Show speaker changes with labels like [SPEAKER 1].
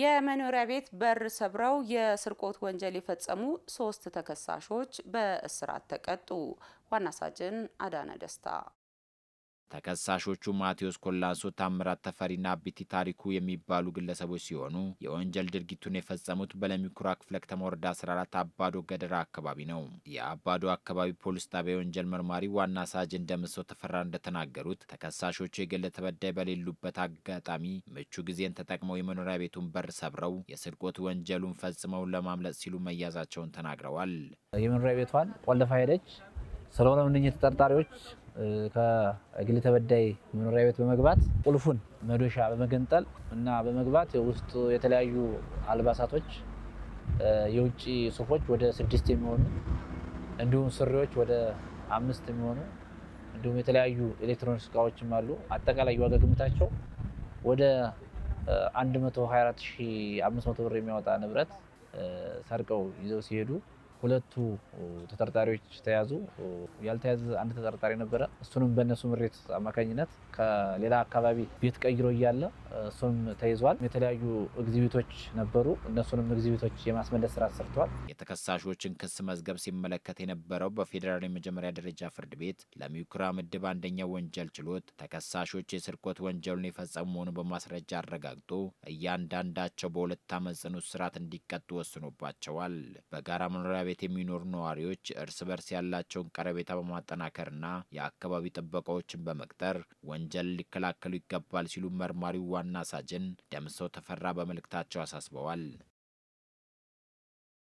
[SPEAKER 1] የመኖሪያ ቤት በር ሰብረው የስርቆት ወንጀል የፈጸሙ ሶስት ተከሳሾች በእስራት ተቀጡ። ዋና ሳጅን አዳነ ደስታ
[SPEAKER 2] ተከሳሾቹ ማቴዎስ ኮላሶ፣ ታምራት ተፈሪና ቢቲ ታሪኩ የሚባሉ ግለሰቦች ሲሆኑ የወንጀል ድርጊቱን የፈጸሙት በለሚኩራ ክፍለ ከተማ ወረዳ 14 አባዶ ገደራ አካባቢ ነው። የአባዶ አካባቢ ፖሊስ ጣቢያ የወንጀል መርማሪ ዋና ሳጅ ደምሰው ተፈራ እንደተናገሩት ተከሳሾቹ የግል ተበዳይ በሌሉበት አጋጣሚ ምቹ ጊዜን ተጠቅመው የመኖሪያ ቤቱን በር ሰብረው የስርቆት ወንጀሉን ፈጽመው ለማምለጥ ሲሉ መያዛቸውን ተናግረዋል።
[SPEAKER 3] የመኖሪያ ቤቷን ቆልፋ ሄደች። ስለሆነ እነኚህ ተጠርጣሪዎች ከግል ተበዳይ መኖሪያ ቤት በመግባት ቁልፉን መዶሻ በመገንጠል እና በመግባት ውስጡ የተለያዩ አልባሳቶች፣ የውጭ ሱፎች ወደ ስድስት የሚሆኑ እንዲሁም ሱሪዎች ወደ አምስት የሚሆኑ እንዲሁም የተለያዩ ኤሌክትሮኒክስ እቃዎችም አሉ። አጠቃላይ ዋጋ ግምታቸው ወደ 124500 ብር የሚያወጣ ንብረት ሰርቀው ይዘው ሲሄዱ ሁለቱ ተጠርጣሪዎች ተያዙ። ያልተያዘ አንድ ተጠርጣሪ ነበረ። እሱንም በእነሱ ምሬት አማካኝነት ከሌላ አካባቢ ቤት ቀይሮ እያለ እሱም ተይዟል። የተለያዩ እግዚቢቶች ነበሩ። እነሱንም እግዚቢቶች የማስመለስ ስራ ሰርተዋል።
[SPEAKER 2] የተከሳሾችን ክስ መዝገብ ሲመለከት የነበረው በፌዴራል የመጀመሪያ ደረጃ ፍርድ ቤት ለሚኩራ ምድብ አንደኛ ወንጀል ችሎት ተከሳሾች የስርቆት ወንጀሉን የፈጸሙ መሆኑን በማስረጃ አረጋግጦ እያንዳንዳቸው በሁለት ዓመት ጽኑ እስራት እንዲቀጡ ወስኖባቸዋል። በጋራ መኖሪያ ቤት የሚኖሩ ነዋሪዎች እርስ በርስ ያላቸውን ቀረቤታ በማጠናከርና የአካባቢ ጥበቃዎችን በመቅጠር ወንጀል ሊከላከሉ ይገባል ሲሉ መርማሪው ዋና ሳጅን ደምሰው ተፈራ በመልእክታቸው አሳስበዋል።